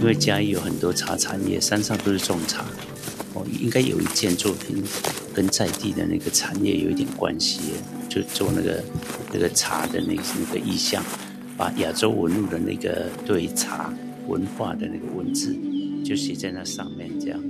因為嘉義有很多茶產業，山上都是種茶，哦，應該有一件作品跟在地的那個產業有一點關係，就做那個那個茶的那個、那個意象，把亞洲文物的那個對茶文化的那個文字，就寫在那上面這樣。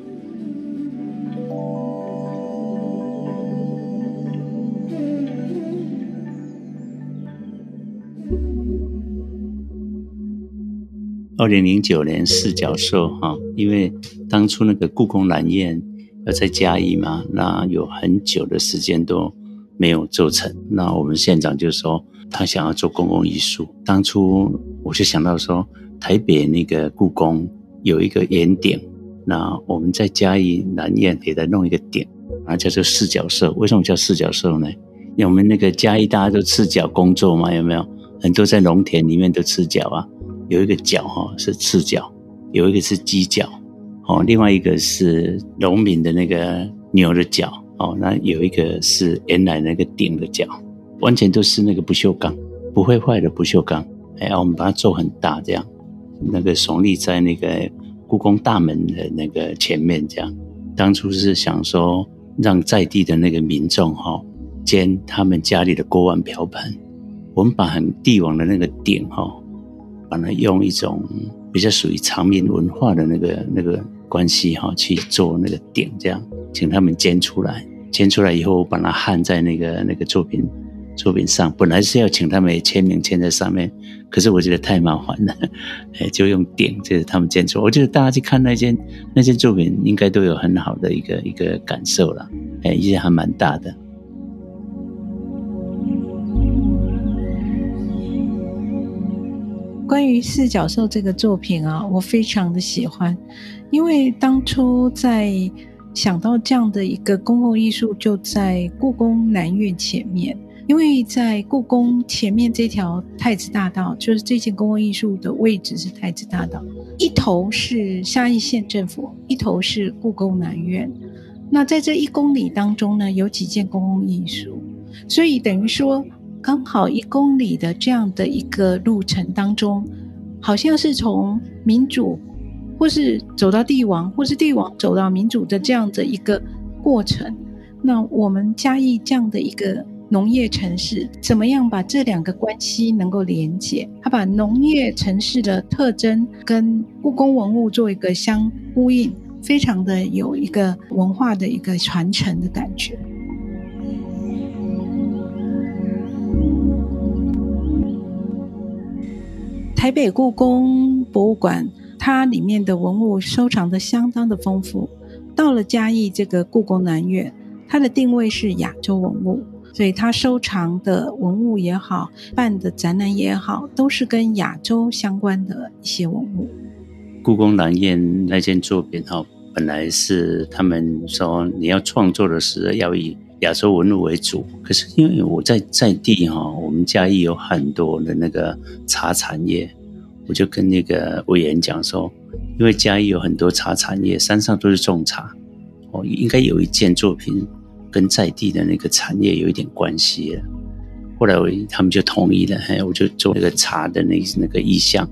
二零零九年四腳獸哈，因為當初那個故宮南院要在嘉義嘛，那有很久的時間都沒有做成。那我們縣長就說他想要做公共藝術，當初我就想到說台北那個故宮有一個圓頂，那我們在嘉義南院給他弄一個頂，然後叫做四腳獸。為什麼叫四腳獸呢？因為我們那個嘉義大家都赤腳工作嘛，有沒有？很多在農田裡面都赤腳啊。有一個腳哈是赤腳，有一個是雞腳，哦，另外一個是農民的那個牛的腳，哦，那有一個是原來那個鼎的腳，完全都是那個不鏽鋼，不會壞的不鏽鋼。哎，我們把它做很大這樣，那個聳立在那個故宮大門的那個前面這樣。當初是想說，讓在地的那個民眾哈煎他們家裡的鍋碗瓢盆，我們把很帝王的那個鼎哈。把它用一種比較屬於長民文化的那個那個關係哈、喔、去做那個點，這樣請他們煎出來，煎出來以後我把它焊在那個那個作品作品上。本來是要請他們簽名簽在上面，可是我覺得太麻煩了，哎、欸，就用點就是他們煎出來。我覺得大家去看那件那件作品，應該都有很好的一個一個感受了，哎、欸，意義還蠻大的。關於《四腳獸》這個作品啊，我非常的喜歡，因為當初在想到這樣的一個公共藝術，就在故宮南院前面。因為在故宮前面這條太子大道，就是這件公共藝術的位置是太子大道，一頭是嘉義縣政府，一頭是故宮南院。那在這一公里當中呢，有幾件公共藝術，所以等於說。剛好，一公里的這樣的一個路程當中，好像是從民主，或是走到帝王，或是帝王走到民主的這樣的一個過程。那我們嘉義這樣的一個農業城市，怎麼樣把這兩個關係能夠連接？他把農業城市的特徵跟故宮文物做一個相呼應，非常的有一個文化的一個傳承的感覺。台北故宮博物館，它裡面的文物收藏的相當的豐富。到了嘉義這個故宮南院，它的定位是亞洲文物，所以它收藏的文物也好，辦的展覽也好，都是跟亞洲相關的一些文物。故宮南院那件作品、哦、本來是他們說你要創作的時候要以亞洲文物為主，可是因為我在在地哈、哦，我們嘉義有很多的那個茶產業。我就跟那個委員講說，因為嘉義有很多茶產業，山上都是種茶，哦，應該有一件作品跟在地的那個產業有一點關係。後來我，他們就同意了，我就做那個茶的那那個意象，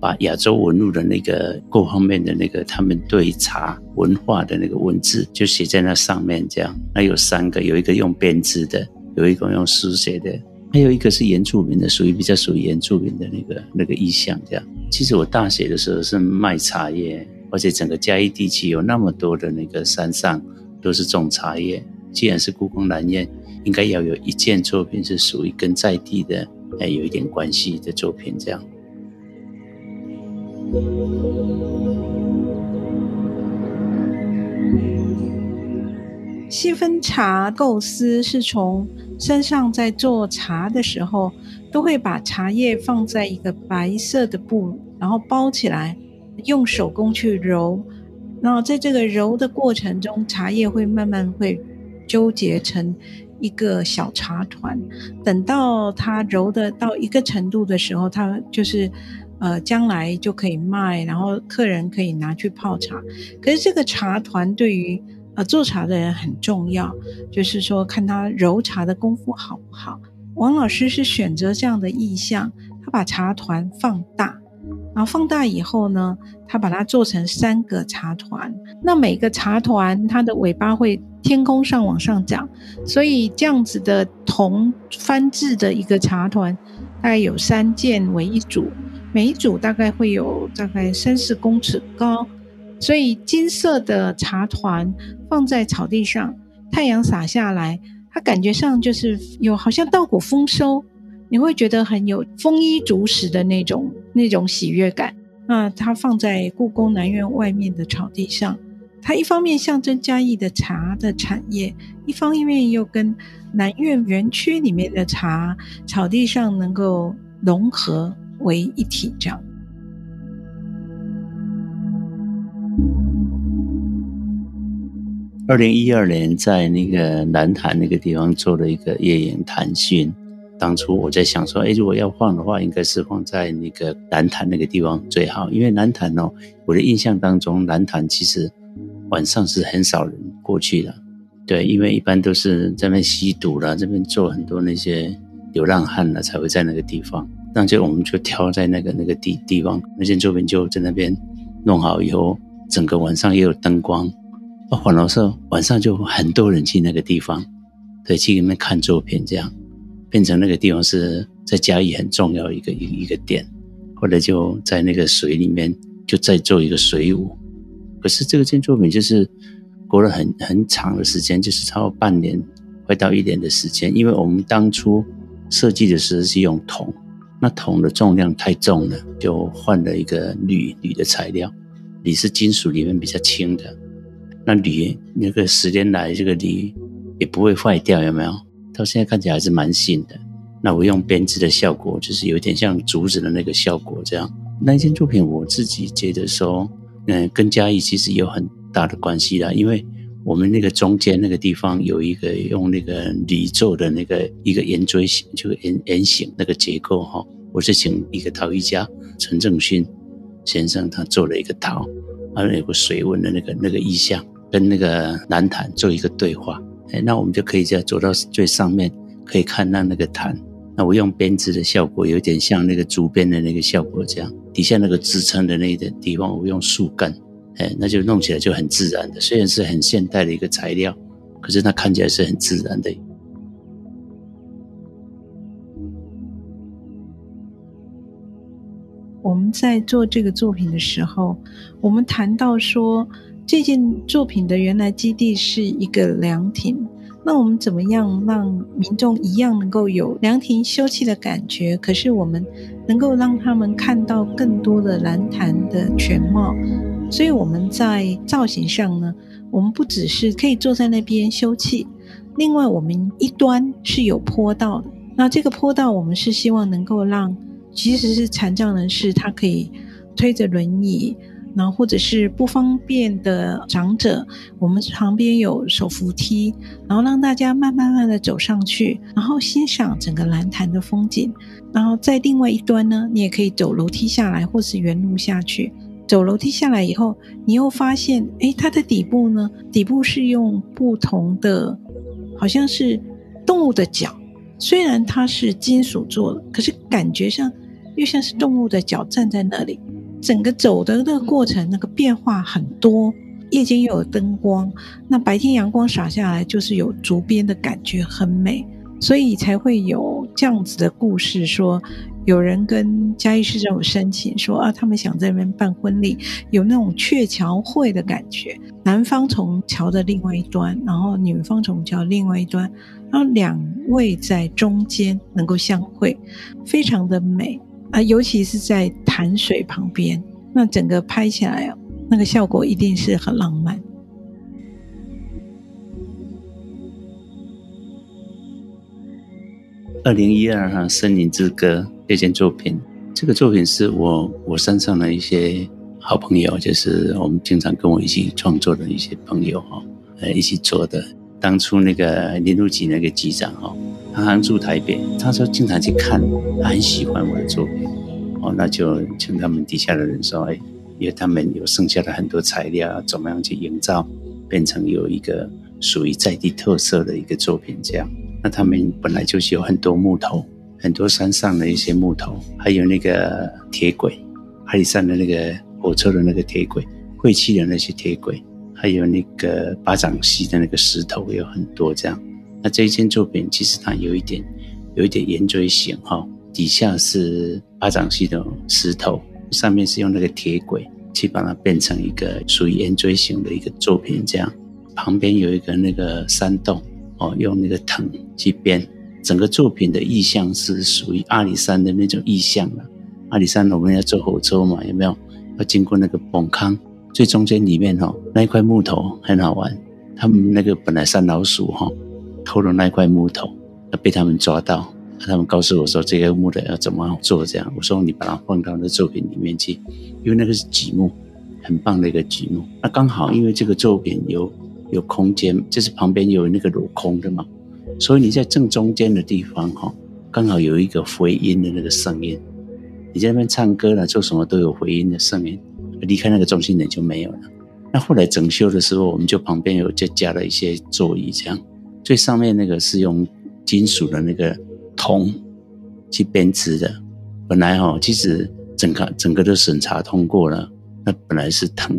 把亞洲文物的那個各方面的那個他們對茶文化的那個文字，就寫在那上面這樣。那有三個，有一個用編織的，有一個用書寫的。還有一個是原住民的，屬於比較屬於原住民的那個那個意象這樣。其實我大學的時候是賣茶葉，而且整個嘉義地區有那麼多的那個山上都是種茶葉。既然是故宮南院，應該要有一件作品是屬於跟在地的那、哎、有一點關係的作品這樣。戲分茶構思是從。身上在做茶的時候，都會把茶葉放在一個白色的布，然後包起來，用手工去揉。然後在這個揉的過程中，茶葉會慢慢會糾結成一個小茶團。等到它揉得到一個程度的時候，它就是呃，將來就可以賣，然後客人可以拿去泡茶。可是這個茶團對於做茶的人很重要，就是說看他揉茶的功夫好不好。王老師是選擇這樣的意象，他把茶團放大，然後放大以後呢，他把它做成三個茶團。那每個茶團它的尾巴會天空上往上長。所以這樣子的銅翻製的一個茶團，大概有三件為一組，每一組大概會有大概三四公尺高。所以金色的茶團放在草地上，太陽灑下來，它感覺上就是有好像稻谷豐收，你會覺得很有豐衣足食的那種那種喜悅感。那它放在故宮南院外面的草地上，它一方面象徵嘉義的茶的產業，一方面又跟南院園區裡面的茶草地上能夠融合為一體，這樣。二零一二年，在那個蘭潭那個地方做了一個月影潭心。當初我在想說，哎，如果要放的話，應該是放在那個蘭潭那個地方最好，因為蘭潭哦，我的印象當中，蘭潭其實晚上是很少人過去的。對，因為一般都是在那邊吸毒了，這邊做很多那些流浪漢了，才會在那個地方。那就我們就挑在那個那個地地方，那件作品就在那邊弄好以後，整個晚上也有燈光。啊，晚上晚上就很多人去那個地方，對，去裡面看作品，這樣變成那個地方是在嘉義很重要一個一一個點。後來就在那個水裡面，就再做一個水舞。可是這個件作品就是過了很很長的時間，就是差不多半年，快到一年的時間。因為我們當初設計的時候是用銅，那銅的重量太重了，就換了一個鋁鋁的材料。鋁是金屬裡面比較輕的。那鋁那個十年來這個鋁也不會壞掉，有沒有？到現在看起來還是蠻新的。那我用編織的效果，就是有點像竹子的那個效果這樣。那一件作品我自己覺得說，嗯、呃，跟嘉義其實有很大的關係啦。因為我們那個中間那個地方有一個用那個鋁做的那個一個圓錐形，就圓圓形那個結構哈。我是請一個陶藝家陳正勳先生他做了一個陶。好像有個水紋的那個那個意象，跟那個蘭潭做一個對話。哎，那我們就可以這樣走到最上面，可以看到那，那個潭。那我用編織的效果，有點像那個竹編的那個效果這樣。底下那個支撐的那一點地方，我用樹幹。哎，那就弄起來就很自然的。雖然是很現代的一個材料，可是它看起來是很自然的。在做這個作品的時候，我們談到說，這件作品的原來基地是一個涼亭。那我們怎麼樣讓民眾一樣能夠有涼亭休憩的感覺？可是我們能夠讓他們看到更多的蘭潭的全貌。所以我們在造型上呢，我們不只是可以坐在那邊休憩，另外我們一端是有坡道的。那這個坡道，我們是希望能夠讓。其實是殘障人士，他可以推着輪椅，然後或者是不方便的長者，我們旁邊有手扶梯，然後讓大家慢慢慢的走上去，然後欣賞整個蘭潭的風景。然後在另外一端呢，你也可以走樓梯下來，或是原路下去。走樓梯下來以後，你又發現，哎，它的底部呢，底部是用不同的，好像是動物的腳，雖然它是金屬做的，可是感覺上。又像是動物的腳，站在那裡，整個走的那個過程，那個變化很多。夜間又有燈光，那白天陽光灑下來，就是有竹編的感覺，很美。所以才會有這樣子的故事說，說有人跟嘉義市政府申請說啊，他們想在那邊辦婚禮，有那種鵲橋會的感覺。男方從橋的另外一端，然後女方從橋另外一端，然後兩位在中間能夠相會，非常的美。啊，尤其是在潭水旁邊，那整個拍起來哦，那個效果一定是很浪漫。二零一二哈，《森林之歌》這件作品，這個作品是我我山上的一些好朋友，就是我們經常跟我一起創作的一些朋友哈，呃，一起做的。當初那個林務局那個局長哈、哦，他常住台北，他說經常去看，他很喜歡我的作品，哦，那就聽他們底下的人說，哎，因為他們有剩下的很多材料，怎麼樣去營造，變成有一個屬於在地特色的一個作品這樣。那他們本來就是有很多木頭，很多山上的一些木頭，還有那個鐵軌，阿里山的那個火車的那個鐵軌，廢棄的那些鐵軌。還有那個八掌溪的那個石頭有很多這樣，那這一件作品其實它有一點，有一點圓錐形哈、哦，底下是八掌溪的石頭，上面是用那個鐵軌去把它變成一個屬於圓錐形的一個作品這樣，旁邊有一個那個山洞哦，用那個藤去編，整個作品的意象是屬於阿里山的那種意象了。阿里山我們要坐火車嘛，有沒有要經過那個崩坑？最中間裡面哈、哦、那一塊木頭很好玩，他們那個本來是老鼠哈、哦、偷了那一塊木頭，被他們抓到，他們告訴我說這個木頭要怎麼做這樣，我說你把它放到那作品裡面去，因為那個是積木，很棒的一個積木。那剛好因為這個作品有有空間，就是旁邊有那個鏤空的嘛，所以你在正中間的地方哈、哦，剛好有一個回音的那個聲音，你在那邊唱歌了做什麼都有回音的聲音。離開那個中心點就沒有了。那後來整修的時候，我們就旁邊有就加了一些座椅，這樣最上面那個是用金屬的那個銅去編織的。本來哈，其實整個整個都審查通過了，那本來是藤。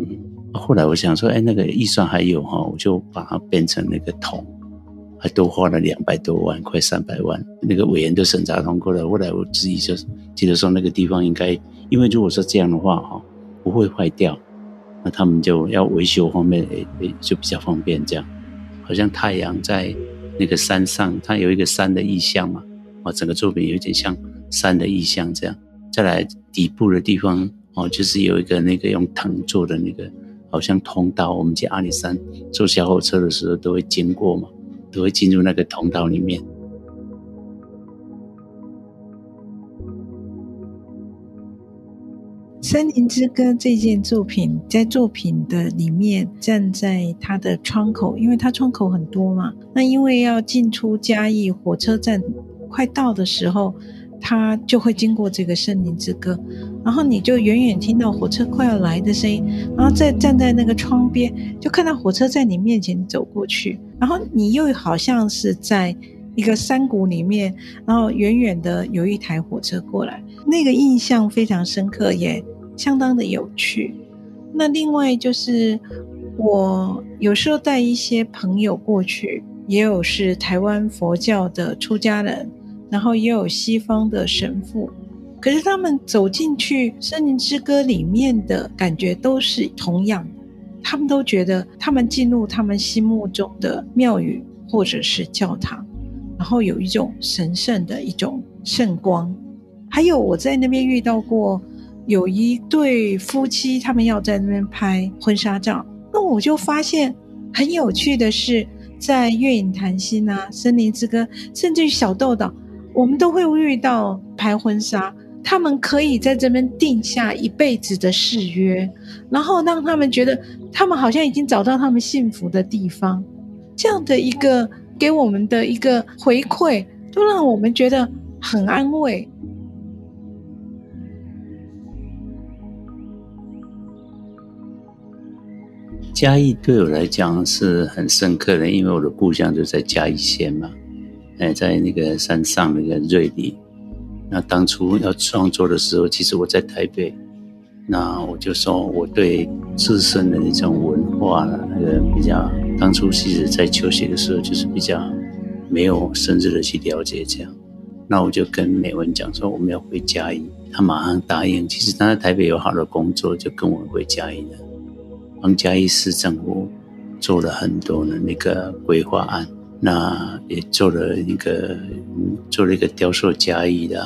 後來我想說，哎、欸，那個預算還有哈，我就把它變成那個銅，還多花了兩百多萬，快三百萬。那個委員都審查通過了。後來我自己就記得說，那個地方應該，因為如果說這樣的話哈。不會壞掉，那他們就要維修方面、欸欸、就比較方便這樣。好像太陽在那個山上，它有一個山的意象嘛，啊、哦，整個作品有點像山的意象這樣。再來底部的地方，哦，就是有一個那個用藤做的那個好像通道，我們去阿里山坐小火車的時候都會經過嘛，都會進入那個通道裡面。《森林之歌》這件作品，在作品的裡面，站在它的窗口，因為它窗口很多嘛。那因為要進出嘉義火車站，快到的時候，它就會經過這個《森林之歌》，然後你就遠遠聽到火車快要來的聲音，然後再站在那個窗邊，就看到火車在你面前走過去，然後你又好像是在一個山谷裡面，然後遠遠的有一台火車過來，那個印象非常深刻，耶。相當的有趣。那另外就是，我有時候帶一些朋友過去，也有是台灣佛教的出家人，然後也有西方的神父。可是他們走進去《森林之歌》裡面的感覺都是同樣，他們都覺得他們進入他們心目中的廟宇或者是教堂，然後有一種神聖的一種聖光。還有我在那邊遇到過，有一對夫妻，他們要在那邊拍婚紗照，那我就發現很有趣的是，在月影潭心啊、森林之歌，甚至於小豆島，我們都會遇到拍婚紗，他們可以在這邊定下一輩子的誓約，然後讓他們覺得他們好像已經找到他們幸福的地方，這樣的一個給我們的一個回饋，都讓我們覺得很安慰。嘉義對我來講是很深刻的，因為我的故鄉就在嘉義縣嘛，哎、欸，在那個山上的一、那個瑞里。那當初要創作的時候，其實我在台北，那我就說我對自身的那種文化了，那個比較當初其實在求學的時候就是比較沒有深入的去了解這樣，那我就跟美文講說，我們要回嘉義，他馬上答應。其實他在台北有好的工作，就跟我回嘉義了。幫嘉義市政府做了很多的那個規劃案，那也做了一個做了一個雕塑嘉義的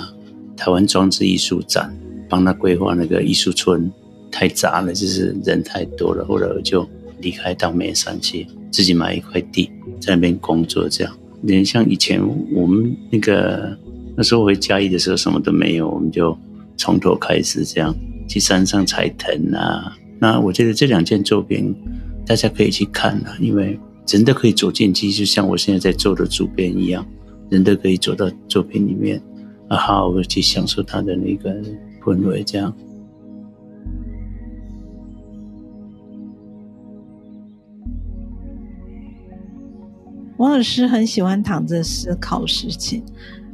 台灣裝置藝術展，幫他規劃那個藝術村，太雜了，就是人太多了，後來我就離開到眉山去，自己買一塊地，在那邊工作這樣。你像以前我們那個那時候回嘉義的時候，什麼都沒有，我們就從頭開始這樣去山上採藤啊。那我覺得這兩件作品，大家可以去看了，因為人都可以走進去，就像我現在在做的主編一樣，人都可以走到作品裡面，啊，好好去享受它的那個氛圍，這樣。王老師很喜歡躺着思考事情，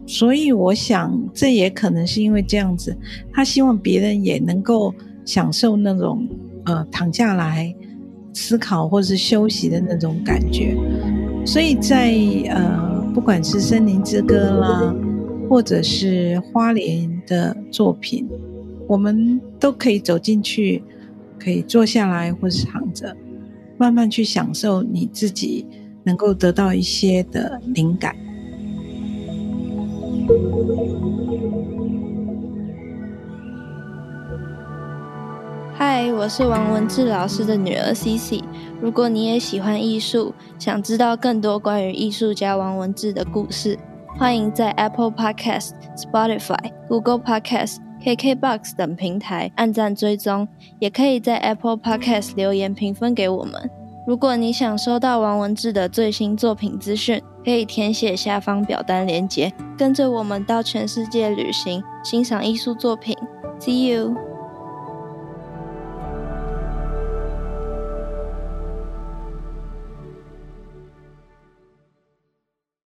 所以我想這也可能是因為這樣子，他希望別人也能夠享受那種。呃，躺下來思考，或是休息的那種感覺。所以在呃，不管是森林之歌啦，或者是花蓮的作品，我們都可以走進去，可以坐下來或是躺着，慢慢去享受你自己能夠得到一些的靈感。嗨，我是王文志老師的女兒 CC。如果你也喜歡藝術，想知道更多關於藝術家王文志的故事，歡迎在 Apple Podcast、Spotify、Google Podcast、KKBox 等平台按讚追蹤，也可以在 Apple Podcast 留言評分給我們。如果你想收到王文志的最新作品資訊，可以填寫下方表單鏈接，跟着我們到全世界旅行，欣賞藝術作品。See you。